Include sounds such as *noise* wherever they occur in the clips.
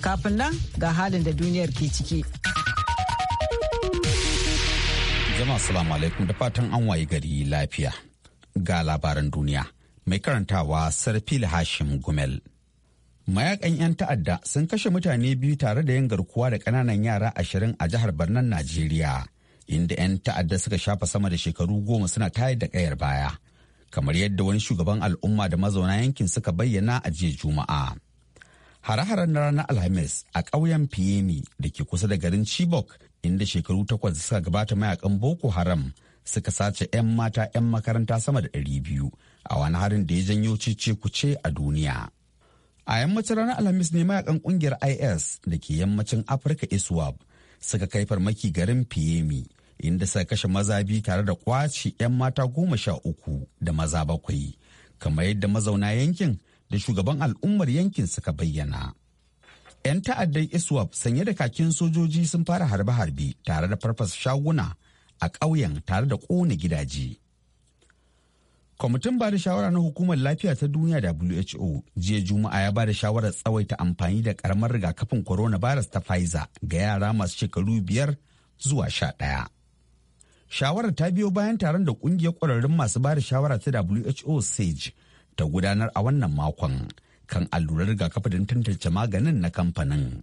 Kafin nan ga halin da duniyar ke ciki. Jama'a salamu alaikum da fatan an waye gari lafiya. Ga labaran duniya mai karantawa Sarfil Hashim Gumel. Mayakan 'yan ta'adda sun kashe mutane biyu tare da yin garkuwa da ƙananan yara ashirin a jihar Barnan Najeriya, inda 'yan ta'adda suka shafa sama da shekaru goma suna tayar da ƙayar baya, kamar yadda wani shugaban al'umma da mazauna yankin suka bayyana a jiya Juma'a. hare-haren na ranar alhamis a ƙauyen piemi da ke kusa da garin chibok inda shekaru takwas suka gabata mayakan boko haram suka sace 'yan mata 'yan makaranta sama da ɗari biyu a wani harin da ya janyo cece kuce a duniya a yammacin ranar alhamis ne mayakan ƙungiyar is da ke yammacin afirka iswab suka kai farmaki garin fiyemi inda suka kashe maza biyu tare da kwaci 'yan mata goma sha uku da maza bakwai kamar yadda mazauna yankin da shugaban al'ummar yankin suka bayyana. 'Yan ta'addan ISWAP sanye da kakin sojoji sun fara harbe-harbe tare da farfasa shaguna a ƙauyen tare da ƙone gidaje. Kwamitin bada shawara na Hukumar Lafiya ta Duniya WHO jiya Juma'a ya ba da shawarar tsawaita amfani da karamar rigakafin coronavirus ta Pfizer ga yara masu shekaru biyar zuwa sha ɗaya. Shawarar ta biyo bayan taron da ƙungiyar ƙwararrun masu ba da shawara ta WHO SAGE ta gudanar a wannan makon kan allurar rigakafi don tantance maganin na kamfanin.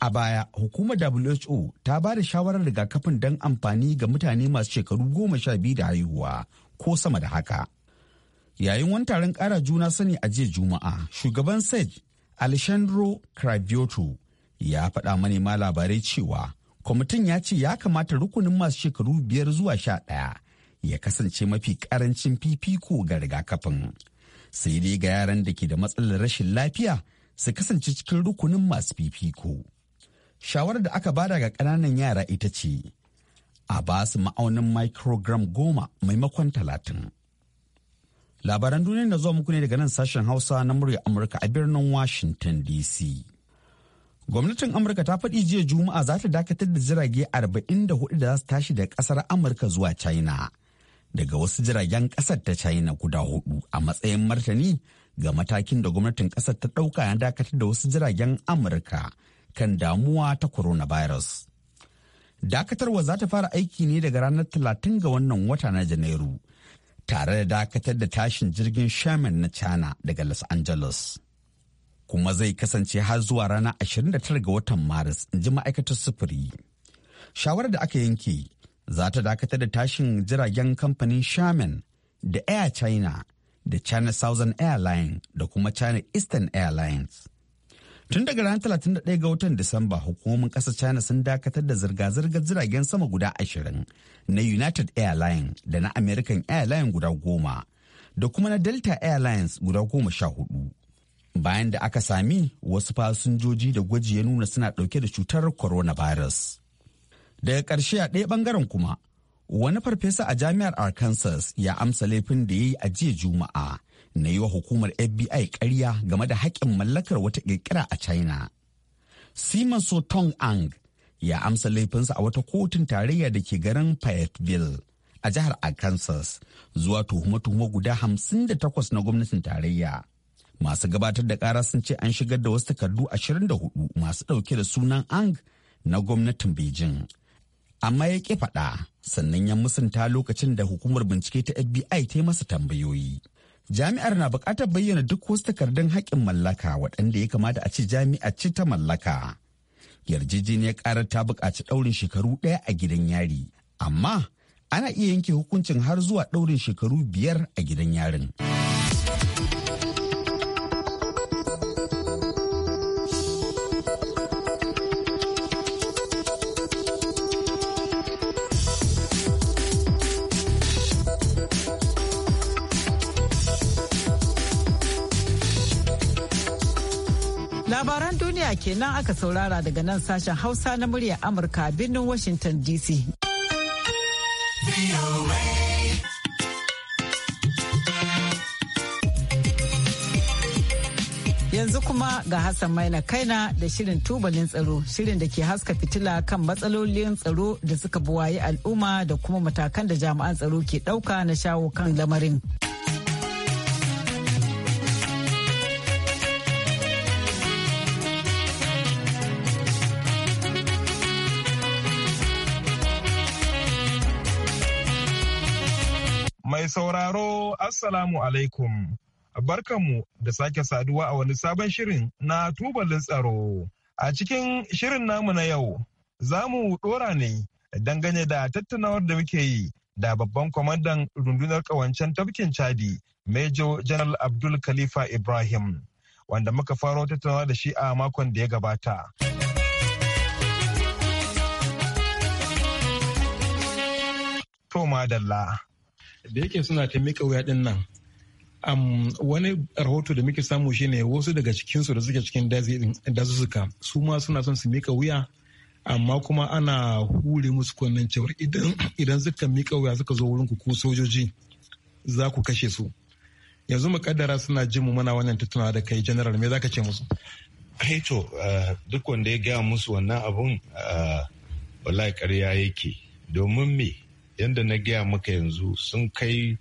A baya, hukumar WHO ta ba da shawarar rigakafin don amfani ga mutane masu shekaru goma sha biyu da haihuwa ko sama da haka. Yayin wani taron ƙara juna sani a jiya Juma'a, shugaban SAGE Alessandro Cravioto ya faɗa manema labarai cewa kwamitin ya ce ya kamata rukunin masu shekaru biyar zuwa sha ɗaya ya kasance mafi ƙarancin fifiko ga rigakafin. sai dai ga yaran da ke da matsalar rashin lafiya su kasance cikin rukunin masu fifiko. Shawarar da aka bada ga ƙananan yara ita ce, a ba su ma'aunin microgram goma maimakon talatin. Labaran duniya da zuwa muku ne daga nan sashen Hausa na murya Amurka a birnin Washington DC. Gwamnatin Amurka ta faɗi jiya Juma'a za ta dakatar da jirage 44 da za su tashi daga ƙasar Amurka zuwa China. daga wasu jiragen ƙasar ta China guda hudu a matsayin martani ga matakin da gwamnatin ƙasar ta ɗauka ya dakatar da wasu jiragen Amurka kan damuwa ta coronavirus. Dakatarwa za ta fara aiki ne daga ranar talatin ga wannan wata na Janairu, tare da dakatar da tashin jirgin Sherman na China daga Los Angeles. Kuma zai kasance har zuwa ranar 29 ga watan Maris, in ji ma'aikatar sufuri. Shawarar da aka yanke za ta dakatar da tashin jiragen kamfanin shaman da air china da china southern airlines da kuma china eastern airlines tun daga ranar 31 ga watan disamba hukumomin ƙasar china sun dakatar da zirga-zirgar jiragen sama guda ashirin na united airlines da na american airlines guda goma da kuma na delta airlines guda goma sha hudu bayan da aka sami wasu fasinjoji da gwaji ya nuna suna ɗauke da cutar coronavirus. daga ƙarshe a ɗaya ɓangaren kuma wani farfesa a jami'ar arkansas ya amsa laifin da ya yi a jiya juma'a na yi wa hukumar fbi karya game da haƙƙin mallakar wata ƙirƙira a china simon sotong ang ya amsa laifinsa a wata kotun tarayya da ke garin fayetteville a jihar arkansas zuwa tuhume-tuhume guda hamsin da takwas na gwamnatin tarayya masu gabatar da ƙara sun ce an shigar da wasu takardu ashirin da hudu masu ɗauke da sunan ang na gwamnatin beijing amma ya ƙi faɗa sannan ya musanta lokacin da hukumar bincike ta FBI ta yi masa tambayoyi. Jami'ar na buƙatar bayyana duk wasu takardun haƙƙin mallaka waɗanda ya kamata a ce jami'a ce ta mallaka. Yarjejeniyar ƙarar ta buƙaci ɗaurin shekaru ɗaya a gidan yari, amma ana iya yanke hukuncin har zuwa ɗaurin shekaru biyar a gidan yarin. kenan aka saurara daga nan sashen Hausa na muryar Amurka a birnin Washington DC. Yanzu kuma ga Hassan Maina Kaina da shirin tubalin tsaro, shirin da ke haska fitila kan matsalolin tsaro da suka buwayi al'umma da kuma matakan da jami'an tsaro ke ɗauka na shawo kan lamarin. Mai sauraro Assalamu alaikum. Barkanmu da sake saduwa a wani sabon shirin na tubalin tsaro. A cikin shirin namu na yau, za mu ɗora ne dangane da tattunawar da muke yi da babban kwamandan rundunar ƙawancen tafkin Chadi, Major General Abdul Khalifa Ibrahim, wanda muka faro tattaunawa da shi a makon da ya gabata. To madalla. da yake suna ta mika wuya din nan wani rahoto da muke samu shine wasu daga cikinsu da suke cikin dazuzzuka su ma suna son su mika wuya amma kuma ana hure musu kunnen cewar idan suka mika wuya suka zo wurin ku sojoji za ku kashe su yanzu makaddara suna jin mu mana wannan tattaunawa da kai general me zaka ce musu eh to eh, duk wanda ya gaya musu wannan abun eh, wallahi ƙarya yake domin me yadda na gaya maka yanzu sun kai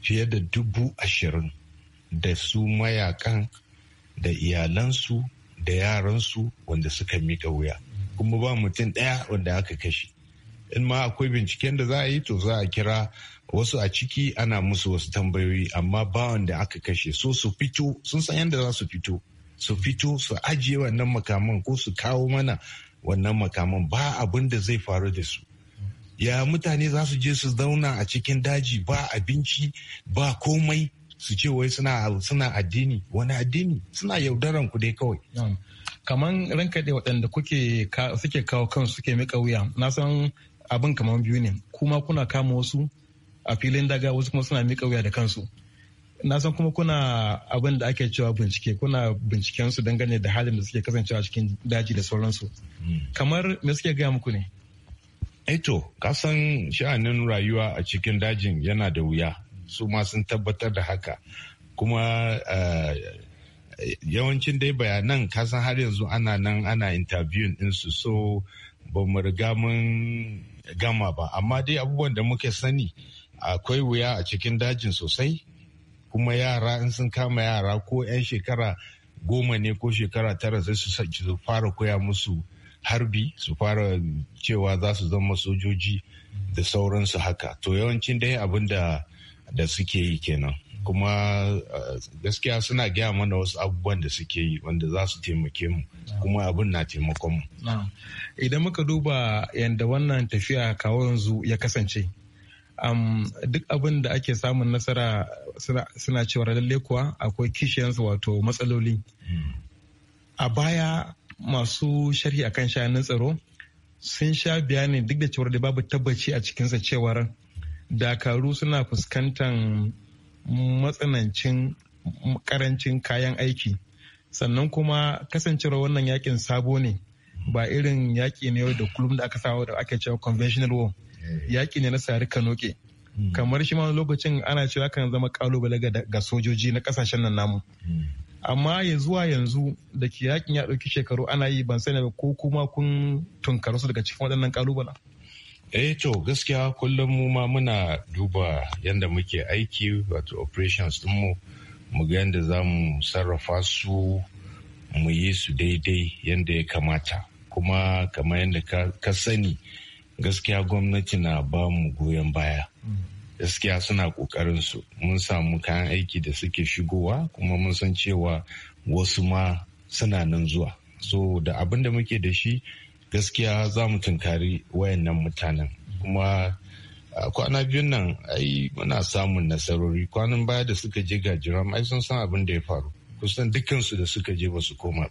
fiye da dubu ashirin da su mayakan da iyalansu da yaransu wanda suka mika wuya kuma ba mutum ɗaya wanda aka kashe in ma akwai binciken da za a yi to za a kira wasu a ciki ana musu wasu tambayoyi amma ba wanda aka kashe so su fito sun san yadda za su fito su fito su ajiye wannan makaman ko su kawo mana wannan makaman ba abin da zai faru da su ya mutane za su je su zauna a cikin daji ba abinci ba komai su ce wai suna suna addini wani addini suna yaudaran ku dai kawai kaman ranka da waɗanda kuke suke kawo kansu suke mika wuya na san abin kaman biyu ne kuma kuna kama wasu a filin daga wasu kuma suna mika wuya da kansu na san kuma kuna abin da ake cewa bincike kuna binciken su dangane da halin da suke kasancewa cikin daji da sauransu hmm. kamar me suke gaya muku ne Eto, eh kasan sha'anin rayuwa a cikin dajin yana da wuya, su ma sun tabbatar da haka. Kuma eh, yawancin dai bayanan kasan har yanzu ana nan ana interviewing ɗinsu so ba mu riga mun gama ba. Amma dai abubuwan da muke sani akwai wuya a cikin dajin sosai, kuma yara in sun kama yara ko 'yan shekara goma ne ko shekara tara sai su fara koya musu. harbi su fara cewa za su zama sojoji da sauransu haka to yawancin dai abin da suke yi kenan kuma eh, gaskiya suna gaya mana wasu abubuwan da suke yi wanda za su taimake mu kuma abin na taimakon mu idan muka duba yadda wannan tafiya kawo yanzu ya kasance um, duk abin da ake samun nasara suna cewa lalle kuwa akwai kishiyansu wato matsaloli. Mm. A baya masu sharhi akan shanun tsaro sun sha bayanin duk da cewar da babu tabbaci a cikinsa cewar dakaru suna fuskantar matsanancin karancin kayan aiki sannan kuma kasancewar wannan yakin sabo ne ba irin yaki ne da kullum da aka samu da ake cewa conventional war yaki ne na sari kanoke hmm. kamar shi ma lokacin ana cewa kan zama kalubale ga sojoji na kasashen nan namu hmm. amma ya zuwa yanzu da ke yakin ya ɗauki shekaru ana yi ban sani ba ko kuma kun tunkaru daga cikin waɗannan kalubalen. eh to gaskiya kullum mu ma muna duba yadda muke aiki wato operations mu mu ga yadda za mu sarrafa su mu yi su daidai yadda ya kamata kuma kamar yadda ka sani gaskiya gwamnati na ba mu goyon baya. Mm. gaskiya suna kokarin su mun samu kayan aiki da suke shigowa kuma mun san cewa wasu ma suna nan zuwa so da abin da muke da shi gaskiya za mu tunkari wayannan mutanen kuma kwana biyun nan ai muna samun nasarori kwanan baya da suka je gajiram ai sun san abin da ya faru kusan dukkansu da suka je ba su koma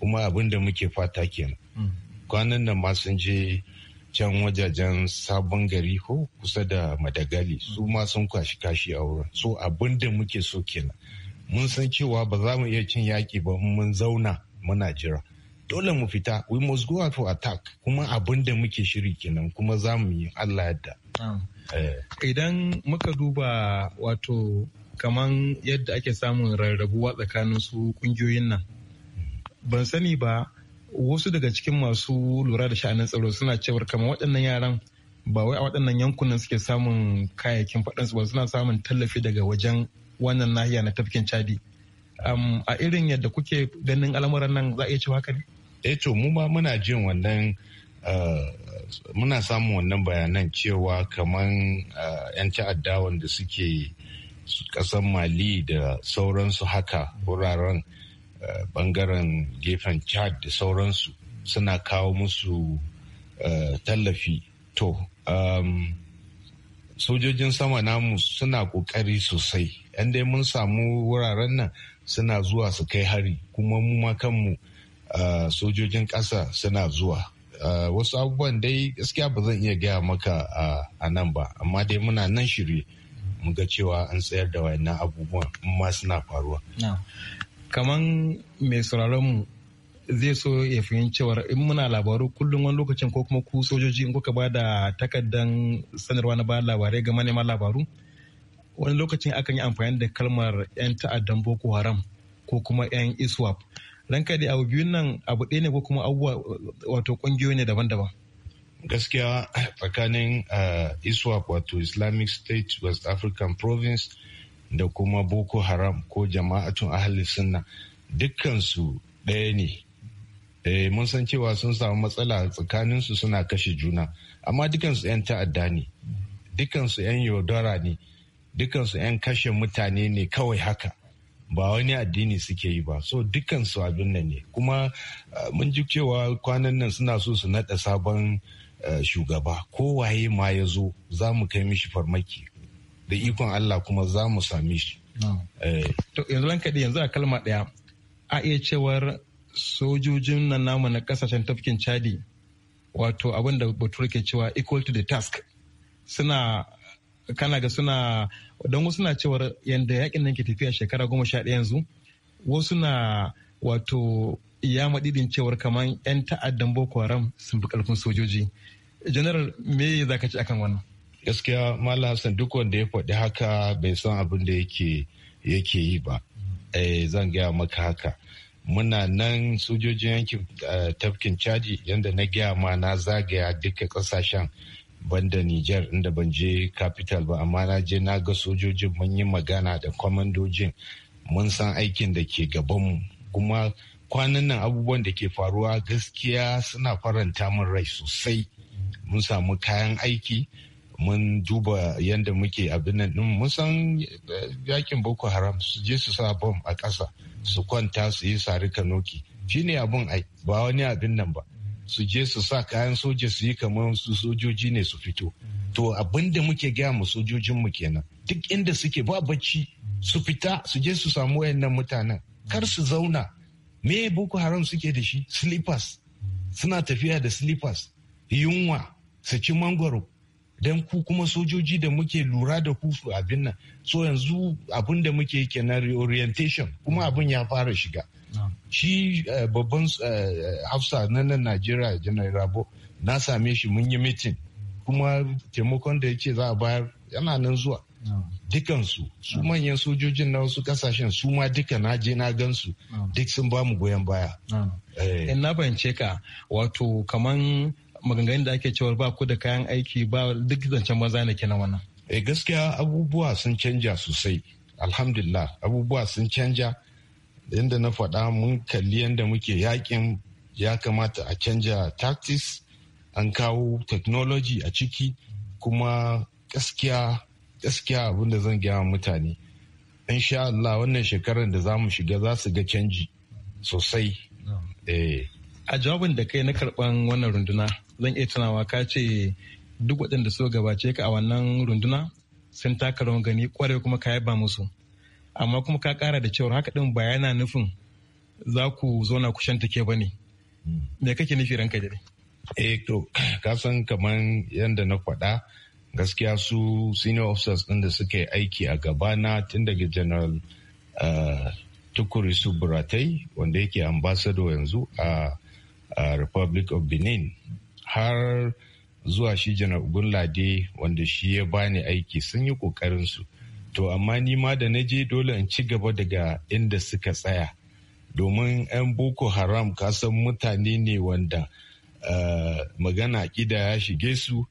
kuma abin da muke fata kenan mm. kwanan nan ma sun je can wajajen sabon gari ko kusa da madagali su ma sun kwashi kashi a wurin so abin da muke so kenan mun san cewa ba za mu iya cin yaƙi ba mun zauna muna jira dole mu fita we must go out for attack kuma abin da muke shiri kenan kuma za mu yi allah yadda eh. idan muka duba wato kaman yadda ake samun rarrabuwa tsakanin su kungiyoyin nan ban sani ba wasu daga cikin masu lura da sha'anin tsaro suna cewar kamar waɗannan yaran ba wai a waɗannan yankunan suke samun kayayyakin faɗansu ba suna samun tallafi daga wajen wannan nahiya na tafkin chadi a irin yadda kuke ganin al'amuran nan za a iya cewa haka ne eh to mu ma muna jin wannan ah, muna samun wannan bayanan cewa kaman ah, 'yan ta'adda wanda suke kasan mali da sauransu haka wuraren Eh, bangaren gefen chad da sauransu suna kawo musu eh, tallafi to um, sojojin sama namu suna kokari sosai yan dai mun samu wuraren nan suna zuwa su kai hari kuma mu ma kanmu eh, sojojin ƙasa suna zuwa wasu abubuwan dai gaskiya ba zan iya gaya maka a nan ba amma dai muna nan shirye mu ga cewa an tsayar da wayannan abubuwan ma suna faruwa kaman mai mu zai so ya cewa in muna labaru kullum wani lokacin ko kuma ku sojoji in kuka bada da takardan sanarwa na ba labarai ga manema labaru wani lokacin akan yi amfani da kalmar 'yan ta'addan boko haram ko kuma 'yan iswap ranka da abu biyun nan abu ɗaya ne ko kuma abubuwa wato ƙungiyoyi ne daban-daban gaskiya tsakanin eh, iswap wato islamic state west african province da kuma boko haram ko jama'atun ahli sunna dukkansu ɗaya ne eh, mun san cewa sun samu matsala tsakaninsu suna kashe juna amma dukansu 'yan ta'adda ne dukansu 'yan yaudara ne dukansu 'yan kashe mutane ne kawai haka ba wani addini suke yi ba so dukansu abin nan ne kuma ah, mun ji cewa kwanan nan suna so su naɗa sabon eh, shugaba kowaye ma ya zo za mu kai mishi farmaki da ikon Allah kuma za mu sami. shi. Eh. To yanzu lankaɗi yanzu a kalma ɗaya a iya cewar sojojin nan namu na kasashen tafkin Chadi wato abin da batu ke cewa equal to the task suna kana ga suna don wasu na cewar yadda yakin nan ke tafiya shekara goma sha ɗaya yanzu wasu na wato ya madidin cewar kamar 'yan ta'addan boko haram sun fi ƙarfin sojoji general me za ka ci akan wannan gaskiya malam hassan duk wanda ya faɗi haka bai san abin da yake yi ba eh, zan gaya maka haka muna nan sojojin yankin eh, tafkin caji yadda na gaya ma na zagaya duka ƙasashen banda niger inda ban je capital ba amma na je na ga sojojin mun yi magana da kwamandojin mun san aikin da ke gaban mu. kuma kwanan nan abubuwan da ke faruwa gaskiya suna faranta mun rai sosai mun samu kayan aiki mun duba yadda muke abin nan din mun san eh, yakin boko haram su je su sa bom a ƙasa su kwanta su yi sari kanoki Shi ne abin ai ba wani abin nan ba su je su sa kayan soja su yi kamar su sojoji ne su fito to abin da muke gaya mu sojojinmu kenan duk inda suke ba bacci su fita su je su samu wayannan mutanen kar su zauna me boko haram suke da shi slippers suna tafiya da slippers yunwa su ci mangoro don ku kuma sojoji da muke lura da ku su abin nan so yanzu abin da muke kenan reorientation kuma mm. abin ya fara shiga ah. shi eh, babban eh, hafsa na nan najeriya janar rabo na same shi mun yi mitin kuma taimakon da yake za a bayar yana nan zuwa ah. dukansu su ah. manyan sojojin na wasu kasashen su ma duka na je na gansu duk sun ba mu goyon baya. Ina eh. na fahimce ka wato kaman maganganun da ake cewa ba ku da kayan aiki ba duk zancen maza ne kenan wannan eh gaskiya abubuwa sun canja sosai alhamdulillah abubuwa sun canja yadda na faɗa mun kalli yadda muke yakin ya kamata a canja tactics an kawo technology a ciki kuma gaskiya gaskiya abin zan gaya mutane insha Allah wannan shekarar da za mu shiga za su ga canji sosai eh. a jawabin da kai na karban wannan runduna zan iya tunawa ka ce duk waɗanda suka gabace ka a wannan runduna sun taka rawan gani kwarai kuma ka yaba musu amma kuma ka kara da cewar haka din ba yana nufin za ku zauna ku shanta ke bane hmm. me kake nufi ranka dare eh to *clears throat* ka san kaman yanda na faɗa gaskiya su senior officers din da suke aiki a gaba na tun daga general eh, tukurisu buratai wanda yake ambassador yanzu a republic of benin har zuwa shi janar lade wanda shi ya bani aiki sun yi su to amma ni ma da na je dole in ci gaba daga inda suka tsaya domin 'yan boko haram kasan mutane ne wanda eh, magana ƙida ya shige su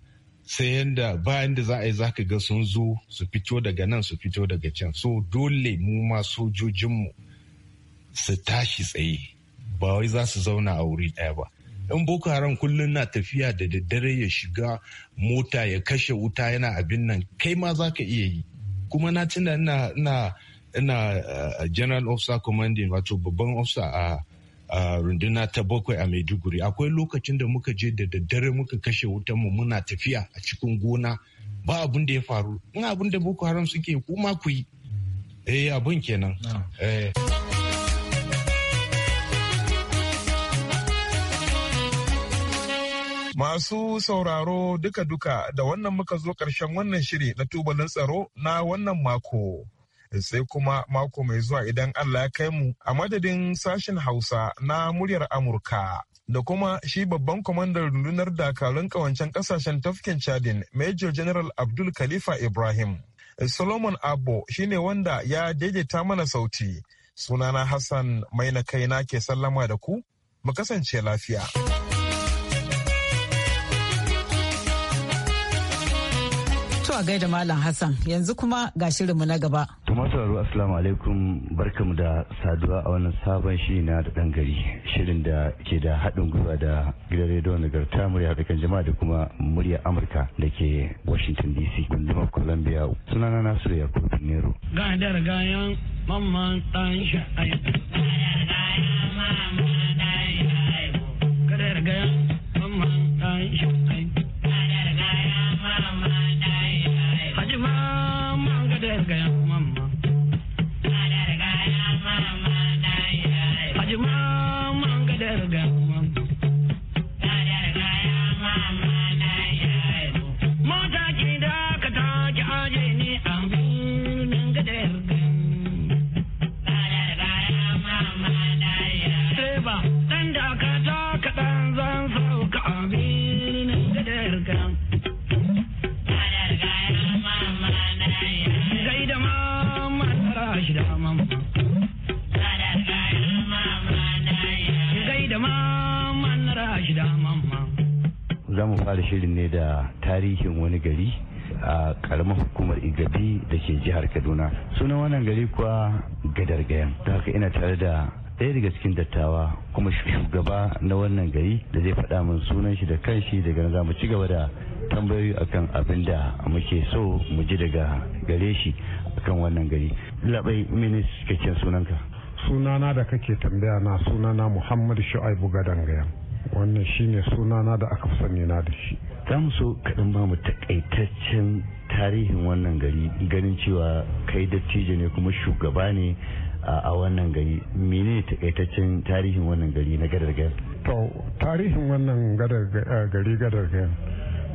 sai yanda bayan da za a yi za ka ga sun zo su fito daga nan su fito daga can so dole mu ma sojojinmu su tashi tsaye ba wai za su zauna a wuri ɗaya ba dan boko haram kullum na tafiya da daddare ya shiga mota ya kashe wuta yana abin nan kai ma za ka iya yi kuma na tuna ina eh, general officer commanding wato babban officer a a runduna ta bakwai a maiduguri akwai lokacin da muka je da daddare muka kashe wutan mu muna tafiya a cikin gona ba abin da ya faru in abin da boko haram suke kuma ku yi eh abin kenan eh Masu sauraro duka-duka da wannan muka zo ƙarshen wannan shiri na tubalin tsaro na wannan mako. Sai kuma mako mai zuwa idan Allah ya kai mu a madadin sashen Hausa na muryar Amurka. Da kuma shi babban kwamandan rundunar dakarun kawancen kasashen tafkin Chadin, Major General Abdul Khalifa Ibrahim. Solomon Abbo shine wanda ya daidaita mana sauti. Sunana Hassan mai na kaina ke sallama da ku, mu kasance lafiya. To a gaida Malam Hassan yanzu kuma ga shirinmu na gaba. Tumatararru Assalamu alaikum barkamu da saduwa a wannan sabon shiri na da dan gari shirin da ke da haɗin gwiwa da gidan rediyo nagarta murya haɗakan jama'a da kuma murya Amurka da ke Washington DC gundumar Columbia sunana Nasiru Yakubu Nero. Ga da gayan mamman ɗan a Ga da gayan mamman za mu fara shirin ne da tarihin wani gari a karamar hukumar igabi da ke jihar kaduna sunan wannan gari kuwa gadar gayan ta haka ina tare da ɗaya daga cikin dattawa kuma shugaba na wannan gari da zai faɗa min sunan shi da kanshi daga na za mu ci gaba da tambayoyi akan abin da muke so mu ji daga gare shi kan wannan gari labai minis kake sunanka sunana da kake tambaya na sunana muhammad shu'aibu gadangayan wannan shine sunana da aka sani na da shi za mu so kaɗan ba mu takaitaccen tarihin wannan gari ganin cewa kai dattijo ne kuma shugaba ne a wannan gari mene takaitaccen tarihin wannan gari na gadargayar to tarihin wannan eh, gari gadargayar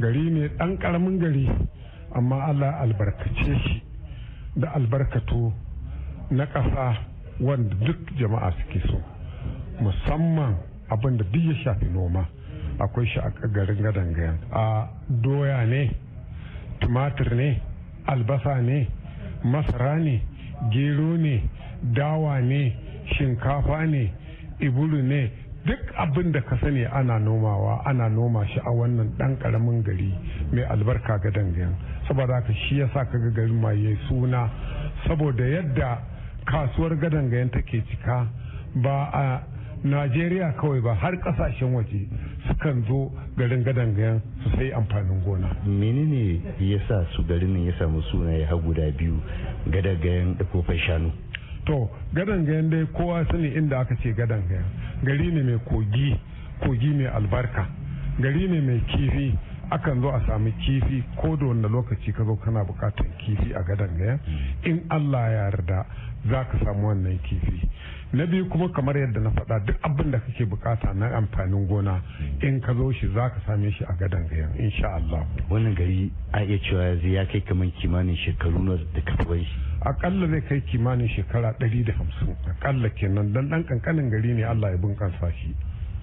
gari ne ɗan ƙaramin gari amma allah albarkace shi da albarkatu na ƙasa wanda duk jama'a suke so musamman abin da duk ya shafi noma akwai shi a garin gadangayan a doya ne tumatir ne albasa ne masara ne gero ne dawa ne shinkafa ne iburu ne duk abin da ka sani ana nomawa ana noma shi a wannan ɗan ƙaramin gari mai albarka ga gayan saboda haka shi yasa kaga garin ma yayi suna saboda yadda kasuwar gayen take cika ba a najeriya kawai ba har kasashen waje sukan zo garin gadangayen su sai amfanin gona menene yasa su garin ya samu ya hagu da biyu gadangayen da kofar shanu to gadangayen dai kowa sani inda aka ce gadangayen gari ne mai kogi kogi mai albarka gari ne mai kifi akan zo a sami kifi ko da wanda lokaci ka zo kana bukatar kifi a gadon gaya hmm. in Allah ya yarda za ka samu wannan kifi na biyu kuma kamar yadda na faɗa duk abin da kake bukata na amfanin gona hmm. in ka zo shi za ka same shi a gadon gaya insha Allah wannan gari a iya cewa ya kai kamar kimanin shekaru na da ka shi akalla zai kai kimanin shekara ɗari da hamsin akalla kenan dan ɗan kankanin gari ne Allah ya bunƙasa shi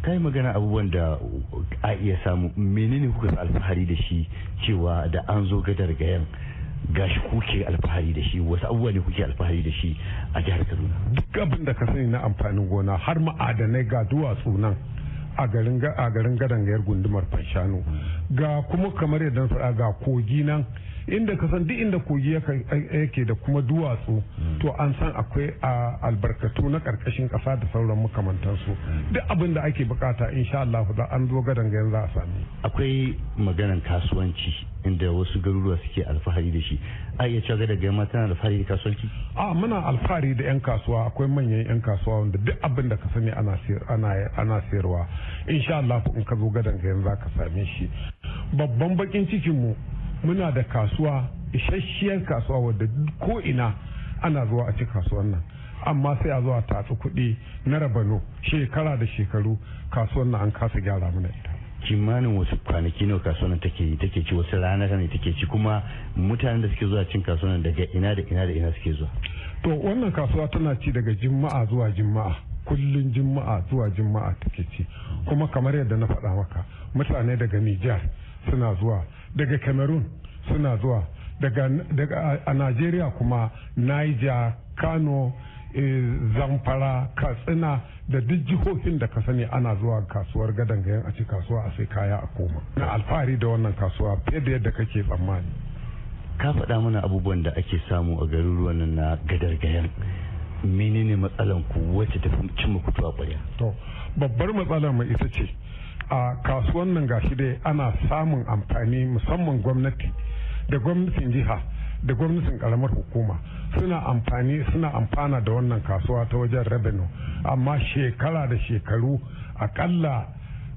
ta yi magana abubuwan da a iya samu menene kuka alfahari da shi cewa da an zo gadar gayan gashi kuke alfahari da shi wasu abubuwa ne kuke alfahari da shi a jihar kaduna duk abin da ka sani na amfanin gona har ma'adanai ga duwatsu nan a garin gadan gayar gundumar fanshano ga kuma kamar yadda faɗa ga kogi nan inda ka san duk inda kogi yake da kuma duwatsu to an san akwai albarkatu na karkashin kasa da sauran makamantansu duk abin da ake bukata insha Allah da an zo gadan ga za a sami akwai maganan kasuwanci inda wasu garuruwa suke alfahari da shi a iya cewa da gama tana alfahari da kasuwanci a muna alfahari da yan kasuwa akwai manyan yan kasuwa wanda duk abin da ka sani ana sayarwa insha Allah in ka zo gadan ga za ka same shi babban bakin cikin mu muna da kasuwa isasshiyar kasuwa wadda ko ina ana zuwa a ci kasuwan nan amma sai a zo a tatsi kuɗi na rabano shekara da shekaru kasuwan nan an kasa gyara mana ita kimanin wasu kwanaki nawa kasuwan take yi take ci wasu ranar ne take ci kuma mutanen da suke zuwa cin kasuwan daga ina da ina da ina suke zuwa to wannan kasuwa tana ci daga juma'a zuwa juma'a kullun juma'a zuwa juma'a take ci kuma kamar yadda na faɗa maka mutane daga Nijar suna zuwa daga cameroon suna zuwa daga a nigeria kuma niger kano eh, zamfara katsina da duk jihohin da ka sani ana zuwa kasuwar gadon gayan a ci kasuwa a sai kaya a koma na alfahari da wannan kasuwa fiye da yadda kake tsammani ka faɗa mana abubuwan da ake samu a garuruwan nan na gadar gayan menene matsalan ku wacce ta fi cin ƙwarya to babbar matsala mai ita ce a kasuwan nan gashi dai ana samun amfani musamman gwamnati da gwamnatin jiha da gwamnatin karamar hukuma suna amfani suna amfana da wannan kasuwa ta wajen revenue amma shekara da shekaru akalla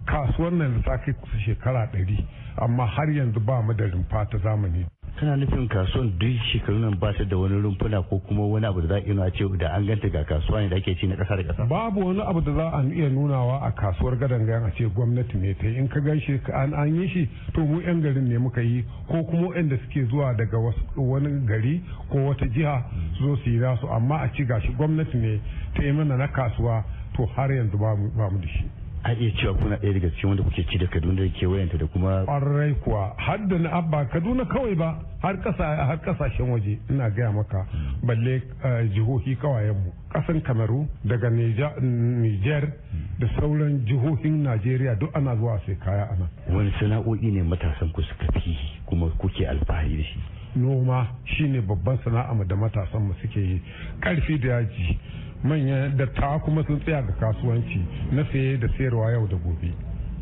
kasuwan nan ta kai kusa shekara ɗari amma har yanzu ba mu da rumfa ta zamani kana nufin kasuwan duk shekaru nan ba ta da wani rumfuna ko kuma wani abu da za a iya ce da an ganta ga kasuwa ne da ake ci na kasa da kasa babu wani abu da za a iya nunawa a kasuwar gadon gayan a ce gwamnati ne ta in ka gan shi an an yi shi to mu yan garin ne muka yi ko kuma yanda suke zuwa daga wani gari ko wata jiha su zo su yi nasu amma a ci gashi gwamnati ne ta yi mana na kasuwa to har yanzu ba mu da shi a iya cewa kuna ɗaya daga cikin wanda kuke ci da kaduna da kewayenta da kuma ƙwarai kuwa har da na abba kaduna kawai ba har har ƙasashen waje ina gaya maka balle eh, jihohi kawayenmu ƙasan kamaru daga niger da sauran jihohin najeriya duk ana zuwa sai kaya ana wani sana'o'i ne matasan ku suka fi kuma kuke alfahari da shi noma shine babban sana'a da matasan mu suke yi karfi da yaji manyan dattawa kuma sun tsaya ga kasuwanci na saye da sayarwa yau da gobe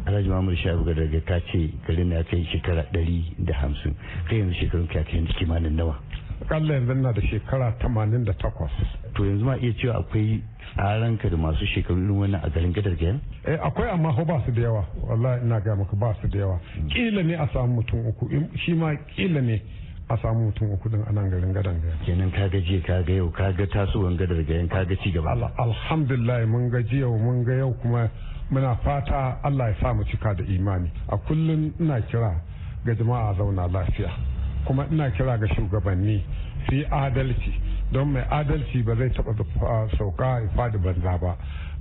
alhaji mamadu shabu ga daga ka ce garin na kai shekara ɗari da hamsin kai yanzu shekarun ka kai yanzu kimanin nawa Kalla yanzu na da shekara tamanin da takwas to yanzu ma iya cewa akwai ka da masu shekaru irin wannan a garin gadar gayan eh akwai amma ho ba su da yawa wallahi ina ga maka ba su da yawa kila ne a samu mutum uku shi ma kila ne a samu mutum uku din anan garin gadan gaya kenan ka ga jiya ka ga yau ka ga tasowar gadar gayan ka ga cigaba alhamdulillah mun ga jiya mun ga yau kuma muna fata Allah ya sa mu cika da imani a kullum ina kira ga jama'a zauna lafiya kuma ina kira ga shugabanni su adalci don mai adalci ba zai taɓa sauka ya fadi banza ba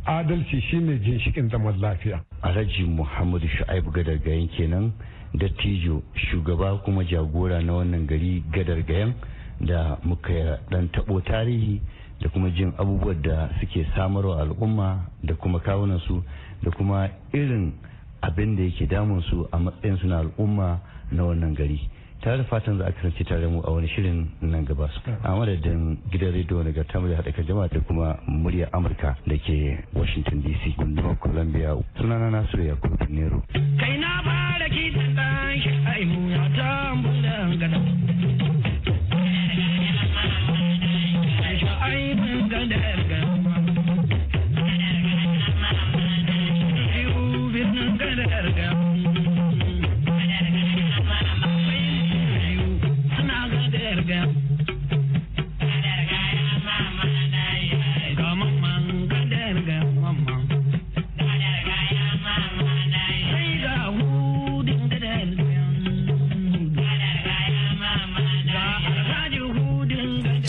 adalci shine ginshikin zaman lafiya alhaji muhammadu shu'aibu gadagayin kenan dattijo shugaba kuma jagora na wannan gari gadar gayan da muka dan tabo tarihi da kuma jin abubuwan da suke samarwa al'umma da kuma kawunansu da kuma irin abin da yake damunsu a matsayin suna al'umma na wannan gari tare fatan za a kasance tare mu a wani shirin nan gaba su a madadin gidan rediyo na ga tamar haɗa kan jama'a da kuma murya amurka da ke washington dc gundumar columbia sunana nasiru ya nero kai na fara kitan ihu ta ambulan gada